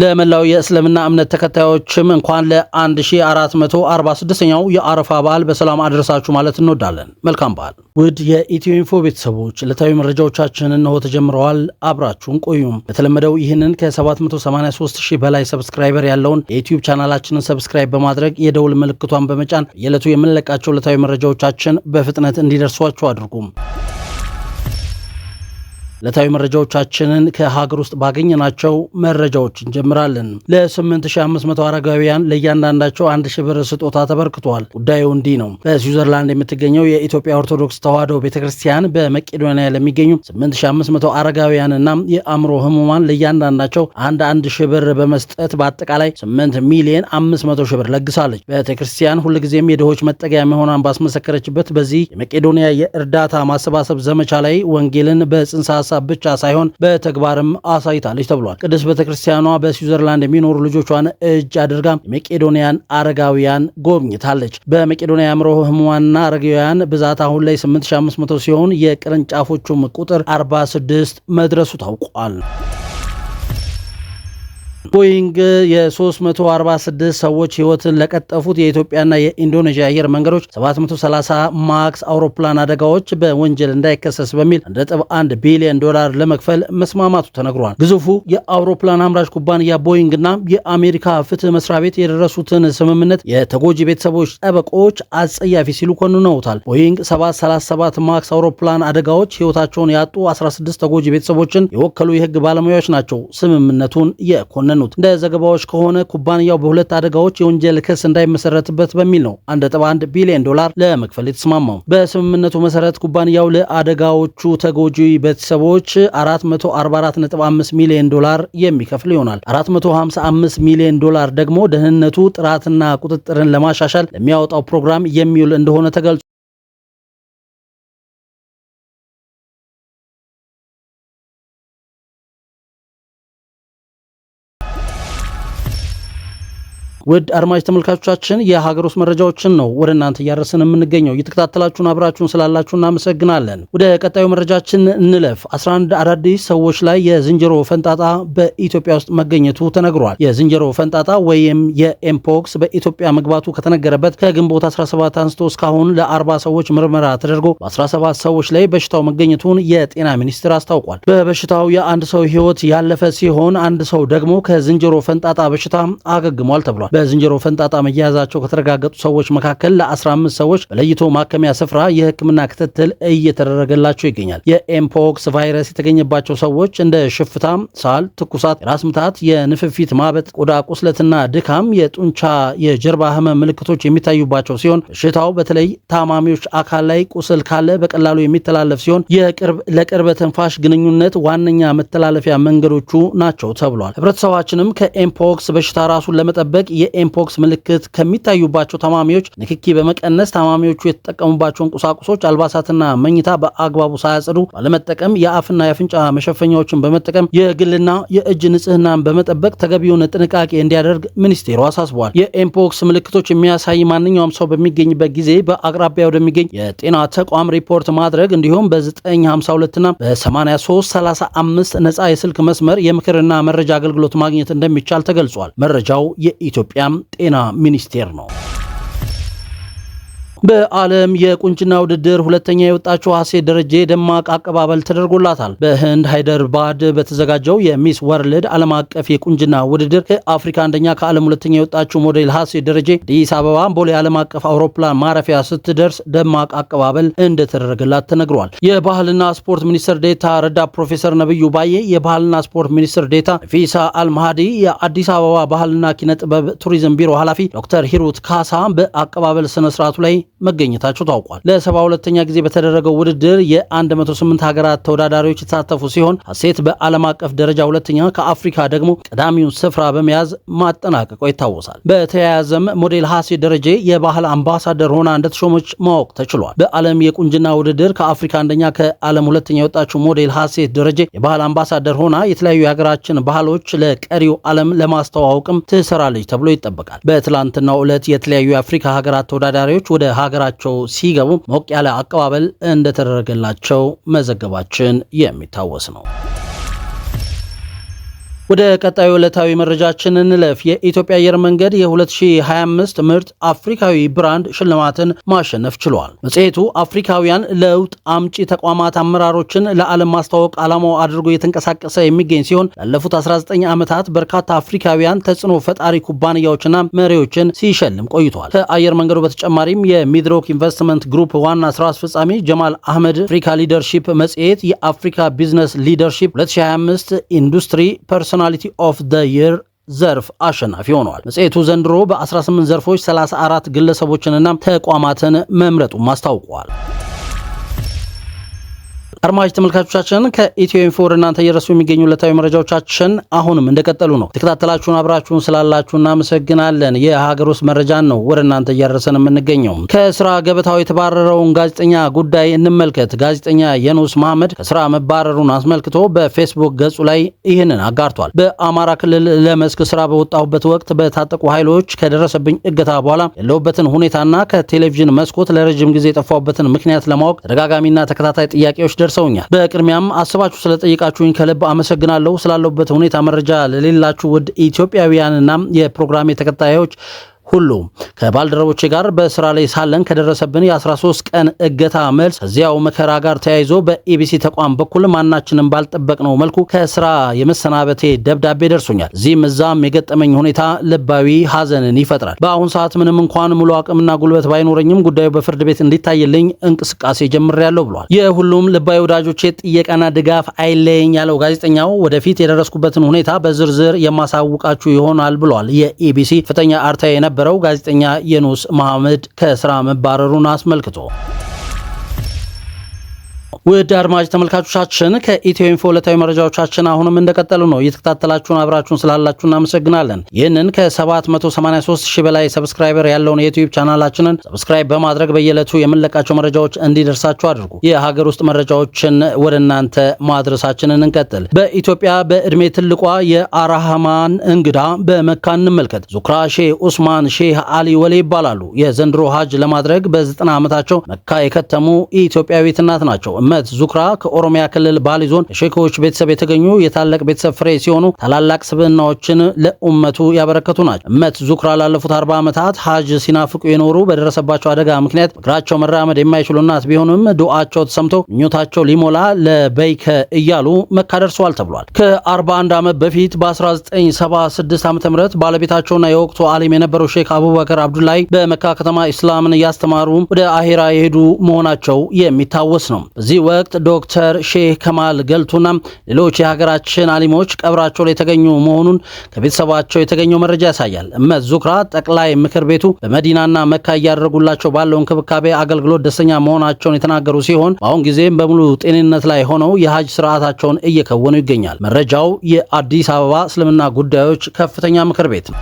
ለመላው የእስልምና እምነት ተከታዮችም እንኳን ለ1446ኛው የአረፋ በዓል በሰላም አድረሳችሁ ማለት እንወዳለን። መልካም በዓል። ውድ የኢትዮ ኢንፎ ቤተሰቦች ዕለታዊ መረጃዎቻችን እነሆ ተጀምረዋል። አብራችሁን ቆዩም። በተለመደው ይህንን ከ783 ሺህ በላይ ሰብስክራይበር ያለውን የዩትዩብ ቻናላችንን ሰብስክራይብ በማድረግ የደውል ምልክቷን በመጫን የዕለቱ የምንለቃቸው ዕለታዊ መረጃዎቻችን በፍጥነት እንዲደርሷቸው አድርጉም። ዕለታዊ መረጃዎቻችንን ከሀገር ውስጥ ባገኘናቸው መረጃዎች እንጀምራለን። ለ8500 አረጋውያን ለእያንዳንዳቸው አንድ ሽብር ብር ስጦታ ተበርክቷል። ጉዳዩ እንዲህ ነው። በስዊዘርላንድ የምትገኘው የኢትዮጵያ ኦርቶዶክስ ተዋሕዶ ቤተ ክርስቲያን በመቄዶንያ ለሚገኙ 8500 አረጋውያንና የአእምሮ ህሙማን ለእያንዳንዳቸው አንድ አንድ ሺህ ብር በመስጠት በአጠቃላይ 8 ሚሊዮን 500 ሺህ ብር ለግሳለች። ቤተ ክርስቲያን ሁልጊዜም የድሆች መጠጊያ መሆኗን ባስመሰከረችበት በዚህ የመቄዶንያ የእርዳታ ማሰባሰብ ዘመቻ ላይ ወንጌልን በጽንሳ በሀሳብ ብቻ ሳይሆን በተግባርም አሳይታለች ተብሏል። ቅድስት ቤተክርስቲያኗ በስዊዘርላንድ የሚኖሩ ልጆቿን እጅ አድርጋ የመቄዶንያን አረጋውያን ጎብኝታለች። በመቄዶንያ አእምሮ ህሙማንና አረጋውያን ብዛት አሁን ላይ 8500 ሲሆን የቅርንጫፎቹም ቁጥር 46 መድረሱ ታውቋል። ቦይንግ የ346 ሰዎች ሕይወትን ለቀጠፉት የኢትዮጵያና የኢንዶኔዥያ አየር መንገዶች 730 ማክስ አውሮፕላን አደጋዎች በወንጀል እንዳይከሰስ በሚል 1.1 ቢሊዮን ዶላር ለመክፈል መስማማቱ ተነግሯል። ግዙፉ የአውሮፕላን አምራች ኩባንያ ቦይንግና የአሜሪካ ፍትህ መስሪያ ቤት የደረሱትን ስምምነት የተጎጂ ቤተሰቦች ጠበቆች አጸያፊ ሲሉ ኮንነውታል። ቦይንግ 737 ማክስ አውሮፕላን አደጋዎች ሕይወታቸውን ያጡ 16 ተጎጂ ቤተሰቦችን የወከሉ የህግ ባለሙያዎች ናቸው ስምምነቱን የኮነኑ ያጸኑት። እንደ ዘገባዎች ከሆነ ኩባንያው በሁለት አደጋዎች የወንጀል ክስ እንዳይመሰረትበት በሚል ነው 1.1 ቢሊዮን ዶላር ለመክፈል የተስማማው። በስምምነቱ መሰረት ኩባንያው ለአደጋዎቹ ተጎጂ ቤተሰቦች 444.5 ሚሊዮን ዶላር የሚከፍል ይሆናል። 455 ሚሊዮን ዶላር ደግሞ ደህንነቱ ጥራትና ቁጥጥርን ለማሻሻል ለሚያወጣው ፕሮግራም የሚውል እንደሆነ ተገልጿል። ውድ አድማጭ ተመልካቾቻችን የሀገር ውስጥ መረጃዎችን ነው ወደ እናንተ እያደረስን የምንገኘው። እየተከታተላችሁን አብራችሁን ስላላችሁ እናመሰግናለን። ወደ ቀጣዩ መረጃችን እንለፍ። 11 አዳዲስ ሰዎች ላይ የዝንጀሮ ፈንጣጣ በኢትዮጵያ ውስጥ መገኘቱ ተነግሯል። የዝንጀሮ ፈንጣጣ ወይም የኤምፖክስ በኢትዮጵያ መግባቱ ከተነገረበት ከግንቦት 17 አንስቶ እስካሁን ለ40 ሰዎች ምርመራ ተደርጎ በ17 ሰዎች ላይ በሽታው መገኘቱን የጤና ሚኒስቴር አስታውቋል። በበሽታው የአንድ ሰው ህይወት ያለፈ ሲሆን አንድ ሰው ደግሞ ከዝንጀሮ ፈንጣጣ በሽታ አገግሟል ተብሏል። በዝንጀሮ ፈንጣጣ መያያዛቸው ከተረጋገጡ ሰዎች መካከል ለ15 ሰዎች በለይቶ ማከሚያ ስፍራ የሕክምና ክትትል እየተደረገላቸው ይገኛል። የኤምፖክስ ቫይረስ የተገኘባቸው ሰዎች እንደ ሽፍታም፣ ሳል፣ ትኩሳት፣ የራስ ምታት፣ የንፍፊት ማበጥ፣ ቆዳ ቁስለትና ድካም፣ የጡንቻ የጀርባ ህመም ምልክቶች የሚታዩባቸው ሲሆን በሽታው በተለይ ታማሚዎች አካል ላይ ቁስል ካለ በቀላሉ የሚተላለፍ ሲሆን የቅርብ ለቅርበ ተንፋሽ ግንኙነት ዋነኛ መተላለፊያ መንገዶቹ ናቸው ተብሏል። ህብረተሰባችንም ከኤምፖክስ በሽታ ራሱን ለመጠበቅ የኤምፖክስ ምልክት ከሚታዩባቸው ታማሚዎች ንክኪ በመቀነስ ታማሚዎቹ የተጠቀሙባቸውን ቁሳቁሶች፣ አልባሳትና መኝታ በአግባቡ ሳያጽዱ ባለመጠቀም የአፍና የአፍንጫ መሸፈኛዎችን በመጠቀም የግልና የእጅ ንጽህናን በመጠበቅ ተገቢውን ጥንቃቄ እንዲያደርግ ሚኒስቴሩ አሳስቧል። የኤምፖክስ ምልክቶች የሚያሳይ ማንኛውም ሰው በሚገኝበት ጊዜ በአቅራቢያ ወደሚገኝ የጤና ተቋም ሪፖርት ማድረግ እንዲሁም በ 952 እና በ8335 ነጻ የስልክ መስመር የምክርና መረጃ አገልግሎት ማግኘት እንደሚቻል ተገልጿል። መረጃው የኢትዮጵያ የኢትዮጵያ ጤና ሚኒስቴር ነው። በዓለም የቁንጅና ውድድር ሁለተኛ የወጣችው ሀሴት ደረጀ ደማቅ አቀባበል ተደርጎላታል። በህንድ ሃይደርባድ በተዘጋጀው የሚስ ወርልድ ዓለም አቀፍ የቁንጅና ውድድር ከአፍሪካ አንደኛ ከዓለም ሁለተኛ የወጣችው ሞዴል ሀሴት ደረጀ አዲስ አበባ ቦሌ ዓለም አቀፍ አውሮፕላን ማረፊያ ስትደርስ ደማቅ አቀባበል እንደተደረገላት ተነግሯል። የባህልና ስፖርት ሚኒስትር ዴታ ረዳ ፕሮፌሰር ነብዩ ባዬ፣ የባህልና ስፖርት ሚኒስትር ዴታ ፊሳ አልማሃዲ፣ የአዲስ አበባ ባህልና ኪነ ጥበብ ቱሪዝም ቢሮ ኃላፊ ዶክተር ሂሩት ካሳ በአቀባበል ስነስርዓቱ ላይ መገኘታቸው ታውቋል። ለሰባ ሁለተኛ ጊዜ በተደረገው ውድድር የ108 ሀገራት ተወዳዳሪዎች የተሳተፉ ሲሆን ሀሴት በዓለም አቀፍ ደረጃ ሁለተኛ፣ ከአፍሪካ ደግሞ ቀዳሚውን ስፍራ በመያዝ ማጠናቀቋ ይታወሳል። በተያያዘም ሞዴል ሀሴት ደረጀ የባህል አምባሳደር ሆና እንደተሾመች ማወቅ ተችሏል። በዓለም የቁንጅና ውድድር ከአፍሪካ አንደኛ፣ ከዓለም ሁለተኛ የወጣችው ሞዴል ሀሴት ደረጀ የባህል አምባሳደር ሆና የተለያዩ የሀገራችን ባህሎች ለቀሪው ዓለም ለማስተዋወቅም ትሰራለች ተብሎ ይጠበቃል። በትላንትናው ዕለት የተለያዩ የአፍሪካ ሀገራት ተወዳዳሪዎች ወደ ሀገራቸው ሲገቡ ሞቅ ያለ አቀባበል እንደተደረገላቸው መዘገባችን የሚታወስ ነው። ወደ ቀጣዩ ዕለታዊ መረጃችን እንለፍ። የኢትዮጵያ አየር መንገድ የ2025 ምርጥ አፍሪካዊ ብራንድ ሽልማትን ማሸነፍ ችሏል። መጽሔቱ አፍሪካውያን ለውጥ አምጪ ተቋማት አመራሮችን ለዓለም ማስተዋወቅ ዓላማው አድርጎ የተንቀሳቀሰ የሚገኝ ሲሆን ላለፉት 19 ዓመታት በርካታ አፍሪካውያን ተጽዕኖ ፈጣሪ ኩባንያዎችና መሪዎችን ሲሸልም ቆይቷል። ከአየር መንገዱ በተጨማሪም የሚድሮክ ኢንቨስትመንት ግሩፕ ዋና ስራ አስፈጻሚ ጀማል አህመድ አፍሪካ ሊደርሺፕ መጽሔት የአፍሪካ ቢዝነስ ሊደርሺፕ 2025 ኢንዱስትሪ ፐርሰ ፐርሶናሊቲ ኦፍ ዘ ይር ዘርፍ አሸናፊ ሆነዋል። መጽሔቱ ዘንድሮ በ18 ዘርፎች 34 ግለሰቦችንና ተቋማትን መምረጡም አስታውቋል። አድማጭ ተመልካቾቻችን ከኢትዮ ኢንፎ ወደ እናንተ እየደረሱ የሚገኙ ዕለታዊ መረጃዎቻችን አሁንም እንደቀጠሉ ነው። የተከታተላችሁን አብራችሁን ስላላችሁ እናመሰግናለን። የሀገር ውስጥ መረጃን ነው ወደ እናንተ እያደረሰን የምንገኘው። ከስራ ገበታው የተባረረውን ጋዜጠኛ ጉዳይ እንመልከት። ጋዜጠኛ የኑስ መሐመድ ከስራ መባረሩን አስመልክቶ በፌስቡክ ገጹ ላይ ይህንን አጋርቷል። በአማራ ክልል ለመስክ ስራ በወጣሁበት ወቅት በታጠቁ ኃይሎች ከደረሰብኝ እገታ በኋላ ያለሁበትን ሁኔታና ከቴሌቪዥን መስኮት ለረጅም ጊዜ የጠፋሁበትን ምክንያት ለማወቅ ተደጋጋሚና ተከታታይ ጥያቄዎች ደርሰውኛል። በቅድሚያም አስባችሁ ስለጠይቃችሁኝ ከልብ አመሰግናለሁ። ስላለሁበት ሁኔታ መረጃ ለሌላችሁ ውድ ኢትዮጵያውያንና የፕሮግራሜ ተከታዮች ሁሉ ከባልደረቦች ጋር በስራ ላይ ሳለን ከደረሰብን የ13 ቀን እገታ መልስ ከዚያው መከራ ጋር ተያይዞ በኢቢሲ ተቋም በኩል ማናችንም ባልጠበቅነው መልኩ ከስራ የመሰናበቴ ደብዳቤ ደርሶኛል። እዚህም እዛም የገጠመኝ ሁኔታ ልባዊ ሀዘንን ይፈጥራል። በአሁን ሰዓት ምንም እንኳን ሙሉ አቅምና ጉልበት ባይኖረኝም ጉዳዩ በፍርድ ቤት እንዲታይልኝ እንቅስቃሴ ጀምሬያለሁ ብሏል። የሁሉም ልባዊ ወዳጆቼ ጥየቃና ድጋፍ አይለየኝ ያለው ጋዜጠኛው ወደፊት የደረስኩበትን ሁኔታ በዝርዝር የማሳውቃችሁ ይሆናል ብሏል። የኢቢሲ ፍተኛ አርታዊ ነበር የነበረው ጋዜጠኛ የኑስ መሐመድ ከስራ መባረሩን አስመልክቶ ውድ አድማጭ ተመልካቾቻችን ከኢትዮ ኢንፎ ዕለታዊ መረጃዎቻችን አሁንም እንደቀጠሉ ነው። እየተከታተላችሁን አብራችሁን ስላላችሁ እናመሰግናለን። ይህንን ከ783 ሺህ በላይ ሰብስክራይበር ያለውን የዩትዩብ ቻናላችንን ሰብስክራይብ በማድረግ በየዕለቱ የምንለቃቸው መረጃዎች እንዲደርሳችሁ አድርጉ። የሀገር ውስጥ መረጃዎችን ወደ እናንተ ማድረሳችንን እንቀጥል። በኢትዮጵያ በዕድሜ ትልቋ የአራህማን እንግዳ በመካ እንመልከት። ዙክራ ሼህ ኡስማን ሼህ አሊ ወሌ ይባላሉ። የዘንድሮ ሀጅ ለማድረግ በ ዓመታቸው መካ የከተሙ ኢትዮጵያዊት እናት ናቸው። እመት ዙክራ ከኦሮሚያ ክልል ባሊ ዞን የሼኮች ቤተሰብ የተገኙ የታላቅ ቤተሰብ ፍሬ ሲሆኑ ታላላቅ ስብዕናዎችን ለኡመቱ ያበረከቱ ናቸው። እመት ዙክራ ላለፉት አርባ ዓመታት ሀጅ ሲናፍቁ የኖሩ በደረሰባቸው አደጋ ምክንያት እግራቸው መራመድ የማይችሉ እናት ቢሆንም ዱዓቸው ተሰምቶ ምኞታቸው ሊሞላ ለበይከ እያሉ መካ ደርሰዋል ተብሏል። ከ41 ዓመት በፊት በ1976 ዓ ም ባለቤታቸውና የወቅቱ አሊም የነበረው ሼክ አቡበከር አብዱላይ በመካ ከተማ ኢስላምን እያስተማሩ ወደ አሄራ የሄዱ መሆናቸው የሚታወስ ነው። በዚህ ወቅት ዶክተር ሼህ ከማል ገልቱና ሌሎች የሀገራችን አሊሞች ቀብራቸው ላይ የተገኙ መሆኑን ከቤተሰባቸው የተገኘው መረጃ ያሳያል። እመት ዙክራ ጠቅላይ ምክር ቤቱ በመዲናና መካ እያደረጉላቸው ባለው እንክብካቤ አገልግሎት ደስተኛ መሆናቸውን የተናገሩ ሲሆን በአሁን ጊዜም በሙሉ ጤንነት ላይ ሆነው የሀጅ ስርዓታቸውን እየከወኑ ይገኛል። መረጃው የአዲስ አበባ እስልምና ጉዳዮች ከፍተኛ ምክር ቤት ነው።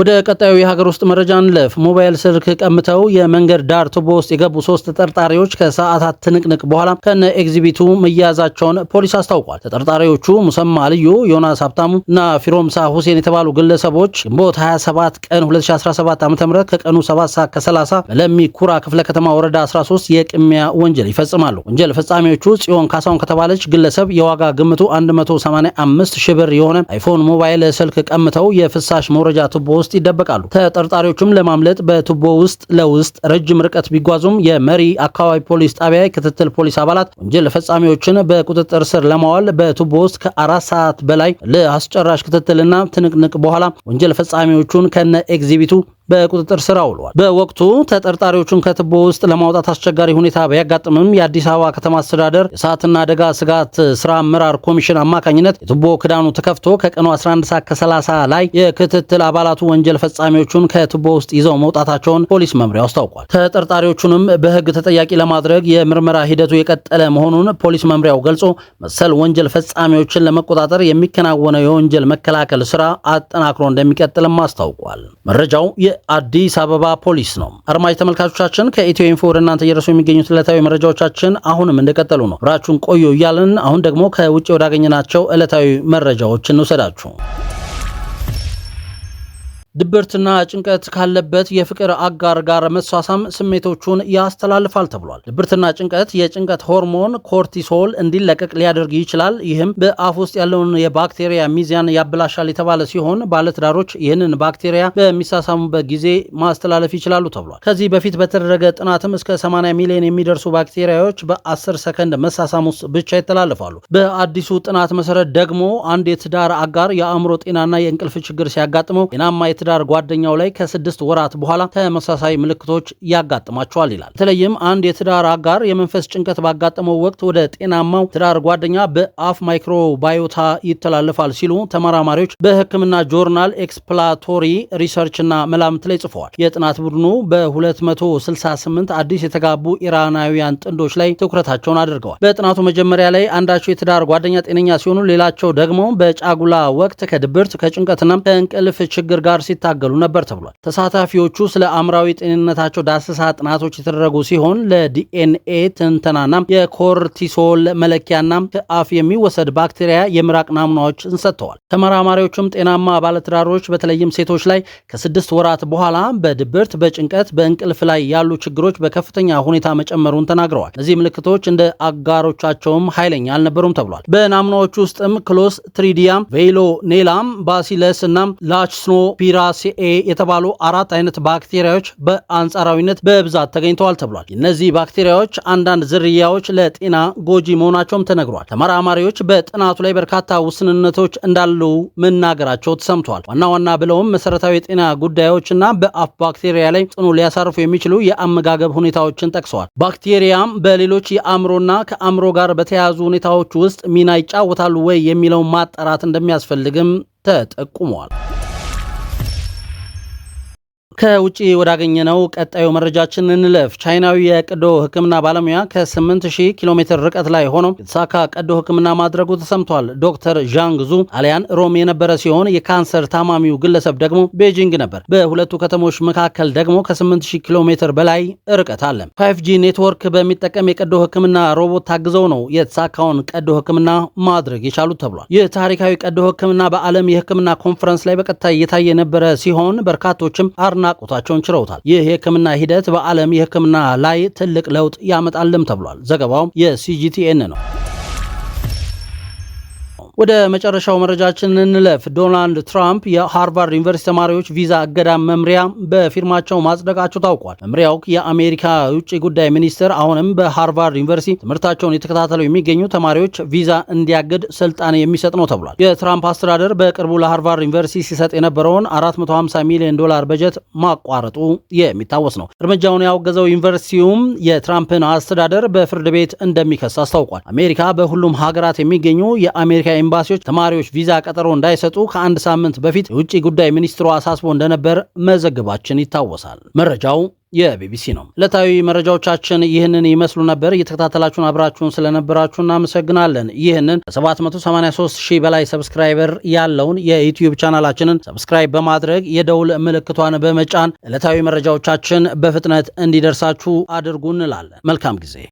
ወደ ቀጣዩ የሀገር ውስጥ መረጃ እንለፍ። ሞባይል ስልክ ቀምተው የመንገድ ዳር ቱቦ ውስጥ የገቡ ሶስት ተጠርጣሪዎች ከሰዓታት ትንቅንቅ በኋላ ከነ ኤግዚቢቱ መያዛቸውን ፖሊስ አስታውቋል። ተጠርጣሪዎቹ ሙሰማ ልዩ፣ ዮናስ ሀብታሙ እና ፊሮምሳ ሁሴን የተባሉ ግለሰቦች ግንቦት 27 ቀን 2017 ዓ ም ከቀኑ 7 ሰዓት ከ30 በለሚ ኩራ ክፍለ ከተማ ወረዳ 13 የቅሚያ ወንጀል ይፈጽማሉ። ወንጀል ፈጻሚዎቹ ጽዮን ካሳውን ከተባለች ግለሰብ የዋጋ ግምቱ 185 ሺህ ብር የሆነ አይፎን ሞባይል ስልክ ቀምተው የፍሳሽ መውረጃ ቱቦ ውስጥ ይደበቃሉ። ተጠርጣሪዎቹም ለማምለጥ በቱቦ ውስጥ ለውስጥ ረጅም ርቀት ቢጓዙም የመሪ አካባቢ ፖሊስ ጣቢያ ክትትል ፖሊስ አባላት ወንጀል ፈጻሚዎችን በቁጥጥር ስር ለማዋል በቱቦ ውስጥ ከአራት ሰዓት በላይ ለአስጨራሽ ክትትልና ትንቅንቅ በኋላ ወንጀል ፈጻሚዎቹን ከነ ኤግዚቢቱ በቁጥጥር ስር አውሏል። በወቅቱ ተጠርጣሪዎቹን ከትቦ ውስጥ ለማውጣት አስቸጋሪ ሁኔታ ቢያጋጥምም የአዲስ አበባ ከተማ አስተዳደር የእሳትና አደጋ ስጋት ስራ አመራር ኮሚሽን አማካኝነት የትቦ ክዳኑ ተከፍቶ ከቀኑ 11 ሰዓት ከ30 ላይ የክትትል አባላቱ ወንጀል ፈጻሚዎቹን ከትቦ ውስጥ ይዘው መውጣታቸውን ፖሊስ መምሪያው አስታውቋል። ተጠርጣሪዎቹንም በህግ ተጠያቂ ለማድረግ የምርመራ ሂደቱ የቀጠለ መሆኑን ፖሊስ መምሪያው ገልጾ መሰል ወንጀል ፈጻሚዎችን ለመቆጣጠር የሚከናወነው የወንጀል መከላከል ስራ አጠናክሮ እንደሚቀጥልም አስታውቋል። መረጃው የአዲስ አበባ ፖሊስ ነው። አርማጅ ተመልካቾቻችን ከኢትዮ ኢንፎ ወደ እናንተ እየደረሱ የሚገኙት ዕለታዊ መረጃዎቻችን አሁንም እንደቀጠሉ ነው። ብራችሁን ቆዩ እያልን አሁን ደግሞ ከውጭ ወዳገኘናቸው ዕለታዊ መረጃዎች እንውሰዳችሁ። ድብርትና ጭንቀት ካለበት የፍቅር አጋር ጋር መሳሳም ስሜቶቹን ያስተላልፋል ተብሏል። ድብርትና ጭንቀት የጭንቀት ሆርሞን ኮርቲሶል እንዲለቀቅ ሊያደርግ ይችላል። ይህም በአፍ ውስጥ ያለውን የባክቴሪያ ሚዛን ያበላሻል የተባለ ሲሆን ባለትዳሮች ይህንን ባክቴሪያ በሚሳሳሙበት ጊዜ ማስተላለፍ ይችላሉ ተብሏል። ከዚህ በፊት በተደረገ ጥናትም እስከ 80 ሚሊዮን የሚደርሱ ባክቴሪያዎች በ10 ሰከንድ መሳሳም ውስጥ ብቻ ይተላልፋሉ። በአዲሱ ጥናት መሰረት ደግሞ አንድ የትዳር አጋር የአእምሮ ጤናና የእንቅልፍ ችግር ሲያጋጥመው ጤናማ የትዳር ጓደኛው ላይ ከስድስት ወራት በኋላ ተመሳሳይ ምልክቶች ያጋጥማቸዋል ይላል። በተለይም አንድ የትዳር አጋር የመንፈስ ጭንቀት ባጋጠመው ወቅት ወደ ጤናማው ትዳር ጓደኛ በአፍ ማይክሮባዮታ ይተላለፋል ሲሉ ተመራማሪዎች በሕክምና ጆርናል ኤክስፕላቶሪ ሪሰርች እና መላምት ላይ ጽፈዋል። የጥናት ቡድኑ በ268 አዲስ የተጋቡ ኢራናዊያን ጥንዶች ላይ ትኩረታቸውን አድርገዋል። በጥናቱ መጀመሪያ ላይ አንዳቸው የትዳር ጓደኛ ጤነኛ ሲሆኑ፣ ሌላቸው ደግሞ በጫጉላ ወቅት ከድብርት ከጭንቀትና ከእንቅልፍ ችግር ጋር ሲ ሲታገሉ ነበር ተብሏል። ተሳታፊዎቹ ስለ አእምራዊ ጤንነታቸው ዳሰሳ ጥናቶች የተደረጉ ሲሆን ለዲኤንኤ ትንተናና የኮርቲሶል መለኪያና ከአፍ የሚወሰድ ባክቴሪያ የምራቅ ናሙናዎችን ሰጥተዋል። ተመራማሪዎቹም ጤናማ ባለትዳሮች በተለይም ሴቶች ላይ ከስድስት ወራት በኋላ በድብርት፣ በጭንቀት፣ በእንቅልፍ ላይ ያሉ ችግሮች በከፍተኛ ሁኔታ መጨመሩን ተናግረዋል። እነዚህ ምልክቶች እንደ አጋሮቻቸውም ኃይለኛ አልነበሩም ተብሏል። በናሙናዎቹ ውስጥም ክሎስ ትሪዲያም፣ ቬሎ ኔላም፣ ባሲለስ እና ላችስኖ ፒራ ኤአሲኤ የተባሉ አራት አይነት ባክቴሪያዎች በአንጻራዊነት በብዛት ተገኝተዋል ተብሏል። እነዚህ ባክቴሪያዎች አንዳንድ ዝርያዎች ለጤና ጎጂ መሆናቸውም ተነግሯል። ተመራማሪዎች በጥናቱ ላይ በርካታ ውስንነቶች እንዳሉ መናገራቸው ተሰምቷል። ዋና ዋና ብለውም መሰረታዊ የጤና ጉዳዮችና በአፍ ባክቴሪያ ላይ ጽኑ ሊያሳርፉ የሚችሉ የአመጋገብ ሁኔታዎችን ጠቅሰዋል። ባክቴሪያም በሌሎች የአእምሮና ከአእምሮ ጋር በተያያዙ ሁኔታዎች ውስጥ ሚና ይጫወታሉ ወይ የሚለውን ማጣራት እንደሚያስፈልግም ተጠቁመዋል። ከውጭ ወዳገኘነው ቀጣዩ መረጃችን እንለፍ። ቻይናዊ የቀዶ ሕክምና ባለሙያ ከ8000 ኪሎ ሜትር ርቀት ላይ ሆኖ የተሳካ ቀዶ ሕክምና ማድረጉ ተሰምቷል። ዶክተር ዣንግ ዙ አሊያን ሮም የነበረ ሲሆን የካንሰር ታማሚው ግለሰብ ደግሞ ቤጂንግ ነበር። በሁለቱ ከተሞች መካከል ደግሞ ከ8000 ኪሎ ሜትር በላይ ርቀት አለ። 5ጂ ኔትወርክ በሚጠቀም የቀዶ ሕክምና ሮቦት ታግዘው ነው የተሳካውን ቀዶ ሕክምና ማድረግ የቻሉት ተብሏል። ይህ ታሪካዊ ቀዶ ሕክምና በዓለም የሕክምና ኮንፈረንስ ላይ በቀጥታ እየታየ የነበረ ሲሆን በርካቶችም አርና አድናቆታቸውን ችረውታል። ይህ የህክምና ሂደት በዓለም የህክምና ላይ ትልቅ ለውጥ ያመጣልም ተብሏል። ዘገባውም የሲጂቲኤን ነው። ወደ መጨረሻው መረጃችን እንለፍ። ዶናልድ ትራምፕ የሃርቫርድ ዩኒቨርሲቲ ተማሪዎች ቪዛ እገዳ መምሪያ በፊርማቸው ማጽደቃቸው ታውቋል። መምሪያው የአሜሪካ ውጭ ጉዳይ ሚኒስቴር አሁንም በሃርቫርድ ዩኒቨርሲቲ ትምህርታቸውን የተከታተሉ የሚገኙ ተማሪዎች ቪዛ እንዲያገድ ስልጣን የሚሰጥ ነው ተብሏል። የትራምፕ አስተዳደር በቅርቡ ለሃርቫርድ ዩኒቨርሲቲ ሲሰጥ የነበረውን 450 ሚሊዮን ዶላር በጀት ማቋረጡ የሚታወስ ነው። እርምጃውን ያወገዘው ዩኒቨርሲቲውም የትራምፕን አስተዳደር በፍርድ ቤት እንደሚከስ አስታውቋል። አሜሪካ በሁሉም ሀገራት የሚገኙ የአሜሪካ ኤምባሲዎች ተማሪዎች ቪዛ ቀጠሮ እንዳይሰጡ ከአንድ ሳምንት በፊት የውጭ ጉዳይ ሚኒስትሩ አሳስቦ እንደነበር መዘገባችን ይታወሳል። መረጃው የቢቢሲ ነው። ዕለታዊ መረጃዎቻችን ይህንን ይመስሉ ነበር። እየተከታተላችሁን አብራችሁን ስለነበራችሁ እናመሰግናለን። ይህንን ከ783 ሺህ በላይ ሰብስክራይበር ያለውን የዩትዩብ ቻናላችንን ሰብስክራይብ በማድረግ የደውል ምልክቷን በመጫን ዕለታዊ መረጃዎቻችን በፍጥነት እንዲደርሳችሁ አድርጉ እንላለን። መልካም ጊዜ